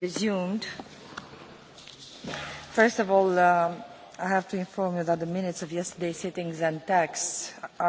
resumed. First of all, um, I have to inform you that the minutes of yesterday's sittings and texts are